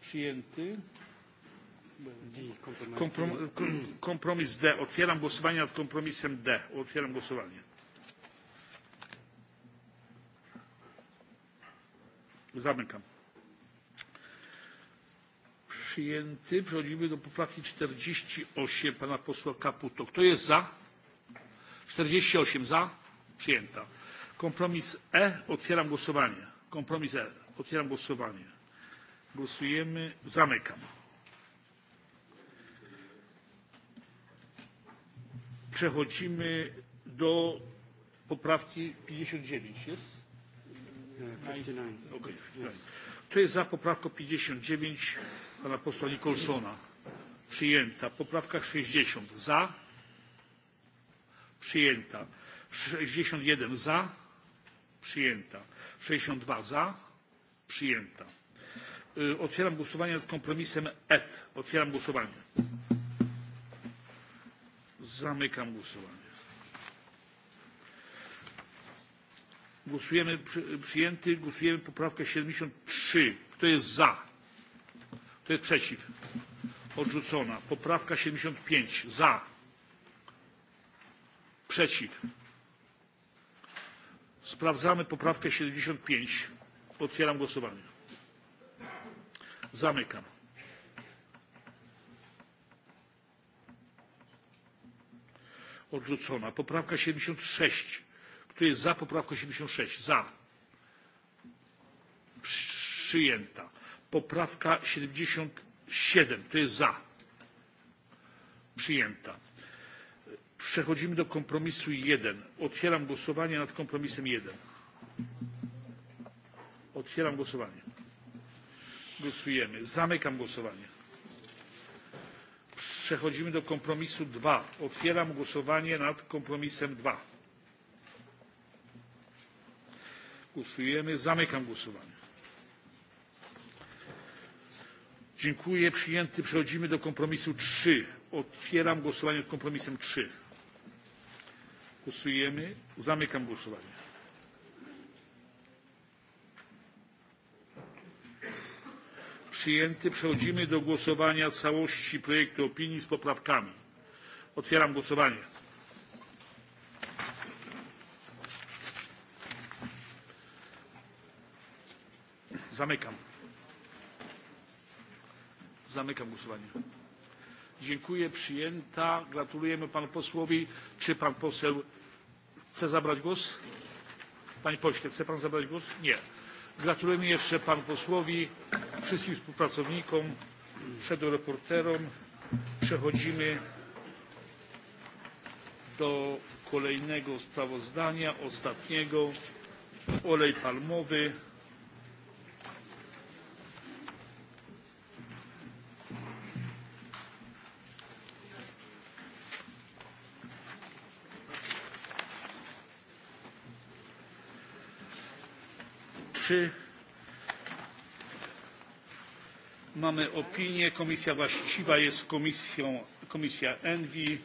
Przyjęty. Komprom kompromis D. Otwieram głosowanie nad kompromisem D. Otwieram głosowanie. Zamykam. Przyjęty. Przechodzimy do poprawki 48 pana posła Kaputo. Kto jest za? 48 za. Przyjęta. Kompromis E. Otwieram głosowanie. Kompromis E. Otwieram głosowanie. Głosujemy. Zamykam. Przechodzimy do poprawki 59. Jest? To Kto jest za poprawką 59 pana posła Nicholsona? Przyjęta. Poprawka 60. Za? Przyjęta. 61 za? Przyjęta. 62 za? Przyjęta. Otwieram głosowanie nad kompromisem F. Otwieram głosowanie. Zamykam głosowanie. Głosujemy przy, przyjęty. Głosujemy poprawkę 73. Kto jest za? Kto jest przeciw? Odrzucona. Poprawka 75. Za. Przeciw. Sprawdzamy poprawkę 75. Otwieram głosowanie. Zamykam. Odrzucona. Poprawka 76. Kto jest za poprawką 76? Za. Przyjęta. Poprawka 77. Kto jest za? Przyjęta. Przechodzimy do kompromisu 1. Otwieram głosowanie nad kompromisem 1. Otwieram głosowanie. Głosujemy. Zamykam głosowanie. Przechodzimy do kompromisu 2. Otwieram głosowanie nad kompromisem 2. Głosujemy. Zamykam głosowanie. Dziękuję. Przyjęty. Przechodzimy do kompromisu 3. Otwieram głosowanie nad kompromisem 3. Głosujemy. Zamykam głosowanie. Przyjęty. Przechodzimy do głosowania całości projektu opinii z poprawkami. Otwieram głosowanie. Zamykam. Zamykam głosowanie. Dziękuję. Przyjęta. Gratulujemy panu posłowi. Czy pan poseł chce zabrać głos? Panie pośle, chce pan zabrać głos? Nie. Gratulujemy jeszcze panu posłowi, wszystkim współpracownikom, reporterom. Przechodzimy do kolejnego sprawozdania, ostatniego. Olej palmowy. Wyborczy. Mamy opinię. Komisja właściwa jest komisją, komisja ENVI.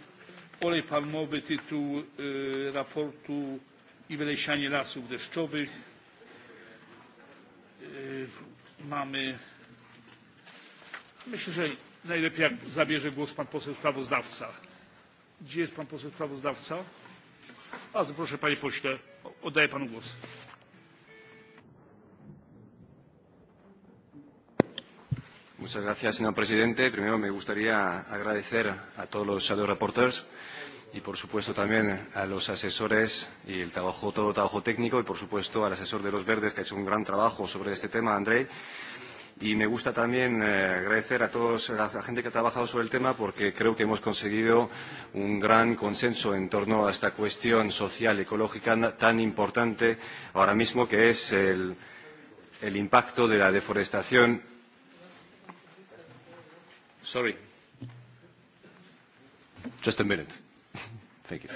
Olej palmowy, tytuł y, raportu i wylesianie lasów deszczowych. Y, mamy, myślę, że najlepiej jak zabierze głos pan poseł sprawozdawca. Gdzie jest pan poseł sprawozdawca? Bardzo proszę panie pośle, oddaję panu głos. Muchas gracias, señor presidente. Primero me gustaría agradecer a todos los shadow reporters y, por supuesto, también a los asesores y el trabajo, todo el trabajo técnico y, por supuesto, al asesor de los verdes que ha hecho un gran trabajo sobre este tema, Andrei. Y me gusta también eh, agradecer a todos a la gente que ha trabajado sobre el tema porque creo que hemos conseguido un gran consenso en torno a esta cuestión social ecológica tan importante ahora mismo que es el, el impacto de la deforestación Sorry. Just a minute. Thank you.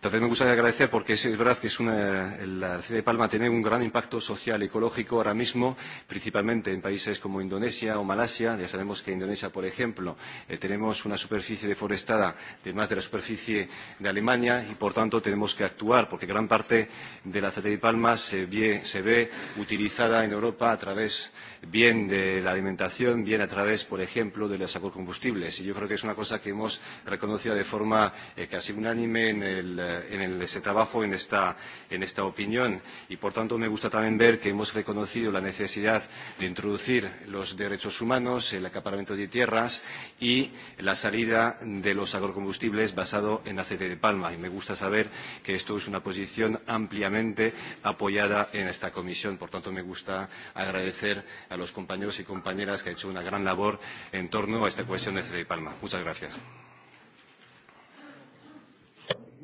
También me gustaría agradecer porque es, es verdad que es una, la ciudad de Palma tiene un gran impacto social y ecológico ahora mismo, principalmente en países como Indonesia o Malasia. Ya sabemos que en Indonesia, por ejemplo, eh, tenemos una superficie deforestada de más de la superficie de Alemania y por tanto tenemos que actuar porque gran parte de la ciudad de Palma se ve, se ve utilizada en Europa a través bien de la alimentación, bien a través, por ejemplo, de los agrocombustibles. Y yo creo que es una cosa que hemos reconocido de forma eh, casi unánime en el Eh, en el, ese trabajo, en esta, en esta opinión. Y por tanto me gusta también ver que hemos reconocido la necesidad de introducir los derechos humanos, el acaparamiento de tierras y la salida de los agrocombustibles basado en aceite de palma. Y me gusta saber que esto es una posición ampliamente apoyada en esta comisión. Por tanto, me gusta agradecer a los compañeros y compañeras que han hecho una gran labor en torno a esta cuestión de aceite de palma. Muchas gracias.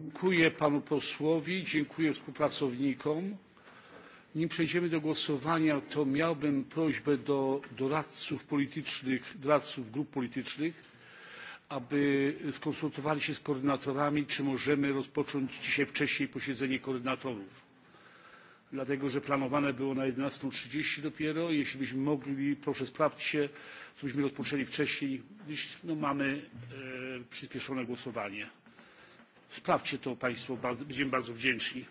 Dziękuję panu posłowi, dziękuję współpracownikom. Nim przejdziemy do głosowania, to miałbym prośbę do doradców politycznych, doradców grup politycznych, aby skonsultowali się z koordynatorami, czy możemy rozpocząć dzisiaj wcześniej posiedzenie koordynatorów. Dlatego, że planowane było na 11.30 dopiero. Jeśli byśmy mogli, proszę sprawdźcie, to byśmy rozpoczęli wcześniej, gdyż no, mamy e, przyspieszone głosowanie. Sprawdźcie to Państwo, będziemy bardzo wdzięczni.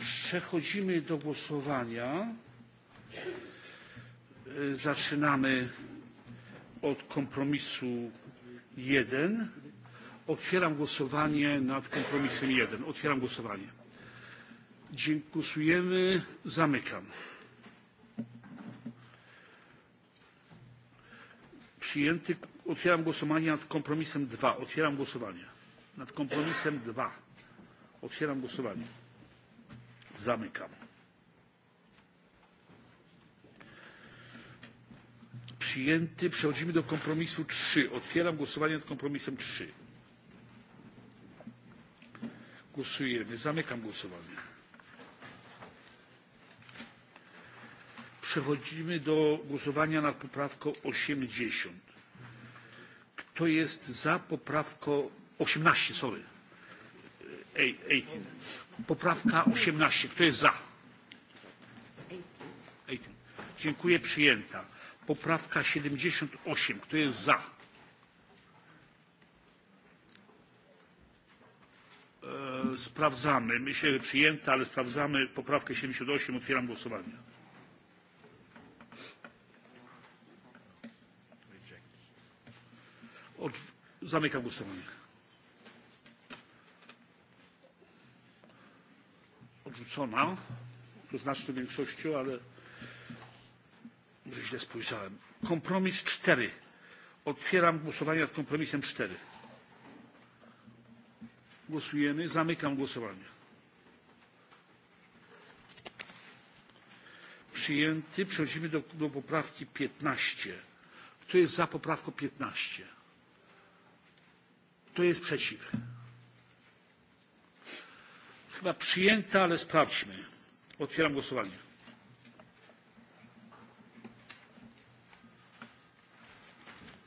Przechodzimy do głosowania. Zaczynamy od kompromisu 1. Otwieram głosowanie nad kompromisem 1. Otwieram głosowanie. Dziękujemy. Zamykam. Przyjęty Otwieram głosowanie nad kompromisem 2. Otwieram głosowanie. Nad kompromisem 2. Otwieram głosowanie. Zamykam. Przyjęty. Przechodzimy do kompromisu 3. Otwieram głosowanie nad kompromisem 3. Głosujemy. Zamykam głosowanie. Przechodzimy do głosowania nad poprawką 80. E, Kto jest za poprawką 18, sorry. 18. Poprawka 18. Kto jest za? 18. Dziękuję, przyjęta. Poprawka 78. Kto jest za? Sprawdzamy. Myślę, że przyjęta, ale sprawdzamy poprawkę 78. Otwieram głosowanie. Od... Zamykam głosowanie. Odrzucona. To znaczną większością, ale źle spojrzałem. Kompromis 4. Otwieram głosowanie nad kompromisem 4. Głosujemy. Zamykam głosowanie. Przyjęty. Przechodzimy do, do poprawki 15. Kto jest za poprawką 15? To jest przeciw? Chyba przyjęta, ale sprawdźmy. Otwieram głosowanie.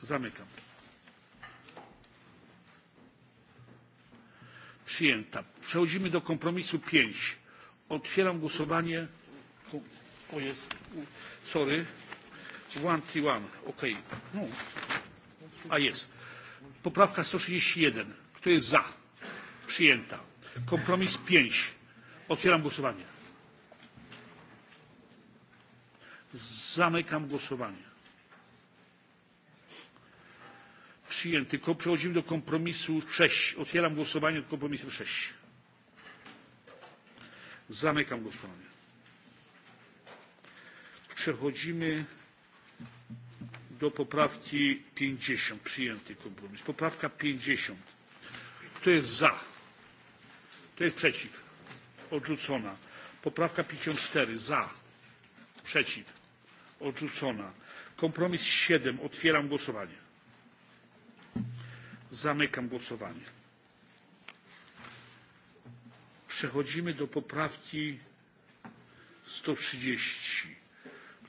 Zamykam. Przyjęta. Przechodzimy do kompromisu 5. Otwieram głosowanie. O jest, sorry. One, three, one. OK. No. A jest. Poprawka 161. Kto jest za? Przyjęta. Kompromis 5. Otwieram głosowanie. Zamykam głosowanie. Przyjęty. Przechodzimy do kompromisu 6. Otwieram głosowanie nad kompromisem 6. Zamykam głosowanie. Przechodzimy do poprawki 50. Przyjęty kompromis. Poprawka 50. Kto jest za? Kto jest przeciw? Odrzucona. Poprawka 54. Za. Przeciw. Odrzucona. Kompromis 7. Otwieram głosowanie. Zamykam głosowanie. Przechodzimy do poprawki 130.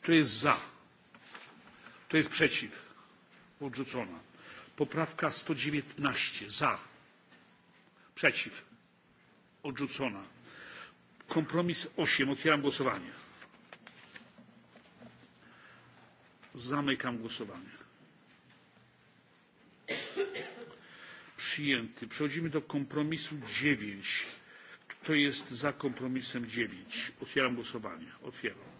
Kto jest za? Kto jest przeciw? Odrzucona. Poprawka 119. Za. Przeciw. Odrzucona. Kompromis 8. Otwieram głosowanie. Zamykam głosowanie. Przyjęty. Przechodzimy do kompromisu 9. Kto jest za kompromisem 9? Otwieram głosowanie. Otwieram.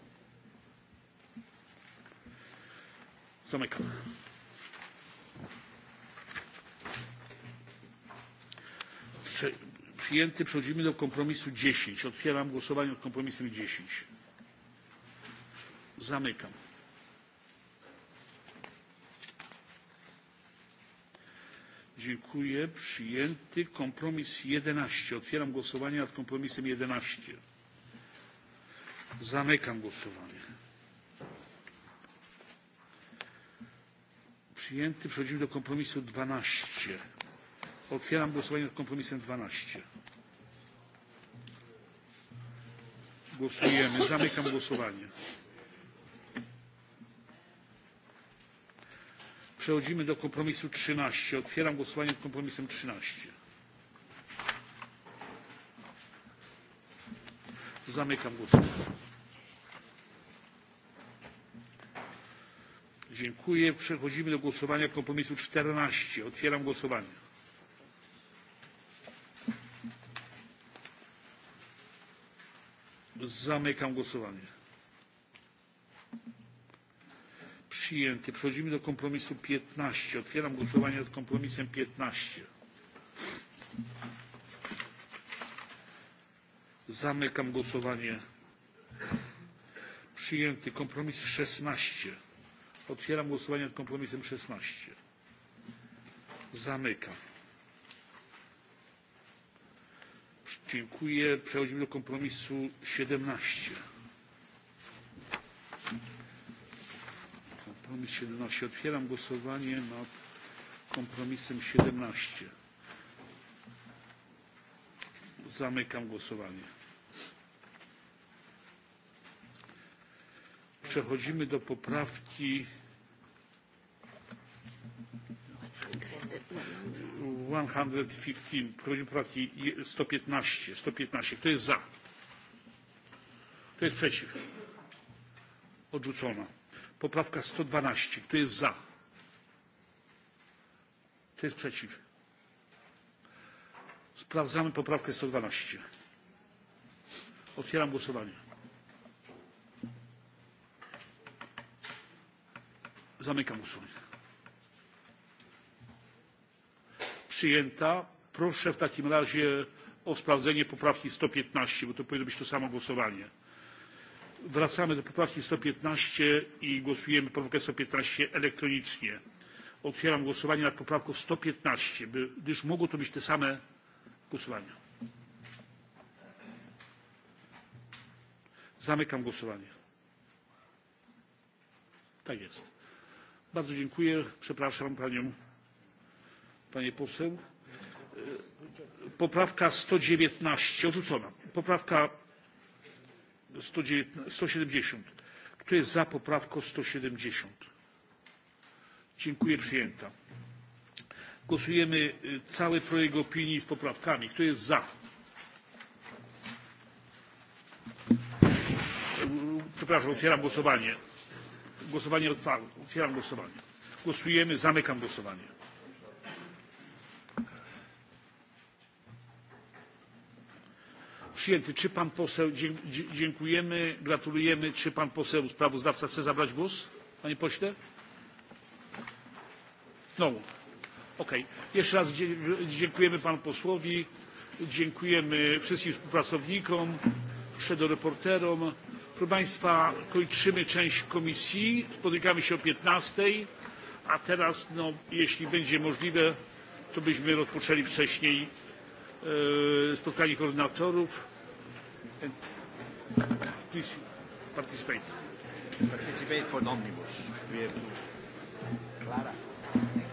przyjęty. Przechodzimy do kompromisu 10. Otwieram głosowanie nad kompromisem 10. Zamykam. Dziękuję. Przyjęty kompromis 11. Otwieram głosowanie nad kompromisem 11. Zamykam głosowanie. Przyjęty. Przechodzimy do kompromisu 12. Otwieram głosowanie nad kompromisem 12. Głosujemy. Zamykam głosowanie. Przechodzimy do kompromisu 13. Otwieram głosowanie nad kompromisem 13. Zamykam głosowanie. Dziękuję. Przechodzimy do głosowania kompromisu 14. Otwieram głosowanie. Zamykam głosowanie. Przyjęty. Przechodzimy do kompromisu 15. Otwieram głosowanie nad kompromisem 15. Zamykam głosowanie. Przyjęty. Kompromis 16. Otwieram głosowanie nad kompromisem 16. Zamykam. Dziękuję. Przechodzimy do kompromisu 17. Kompromis 17. Otwieram głosowanie nad kompromisem 17. Zamykam głosowanie. Przechodzimy do poprawki 115, przechodzimy poprawki 115. 115. Kto jest za? Kto jest przeciw? Odrzucona. Poprawka 112. Kto jest za? Kto jest przeciw? Sprawdzamy poprawkę 112. Otwieram głosowanie. Zamykam głosowanie. Przyjęta. Proszę w takim razie o sprawdzenie poprawki 115, bo to powinno być to samo głosowanie. Wracamy do poprawki 115 i głosujemy poprawkę 115 elektronicznie. Otwieram głosowanie nad poprawką 115, gdyż mogą to być te same głosowania. Zamykam głosowanie. Tak jest. Bardzo dziękuję. Przepraszam panią, panie poseł. Poprawka 119 odrzucona. Poprawka 119, 170. Kto jest za poprawką 170? Dziękuję, przyjęta. Głosujemy cały projekt opinii z poprawkami. Kto jest za? Przepraszam, otwieram głosowanie. Głosowanie otwarte. Otwieram głosowanie. Głosujemy. Zamykam głosowanie. Przyjęty. Czy pan poseł, dziękujemy, gratulujemy. Czy pan poseł sprawozdawca chce zabrać głos? Panie pośle? No. Okej. Okay. Jeszcze raz dziękujemy panu posłowi, dziękujemy wszystkim współpracownikom, szedoreporterom. reporterom. Proszę Państwa, kończymy część komisji. Spotykamy się o 15, a teraz, no, jeśli będzie możliwe, to byśmy rozpoczęli wcześniej e, spotkanie koordynatorów. Please participate. Participate for non Clara.